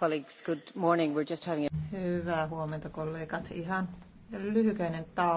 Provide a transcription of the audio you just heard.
Colleagues, good Hyvää huomenta kollegat. Ihan lyhykäinen tauko.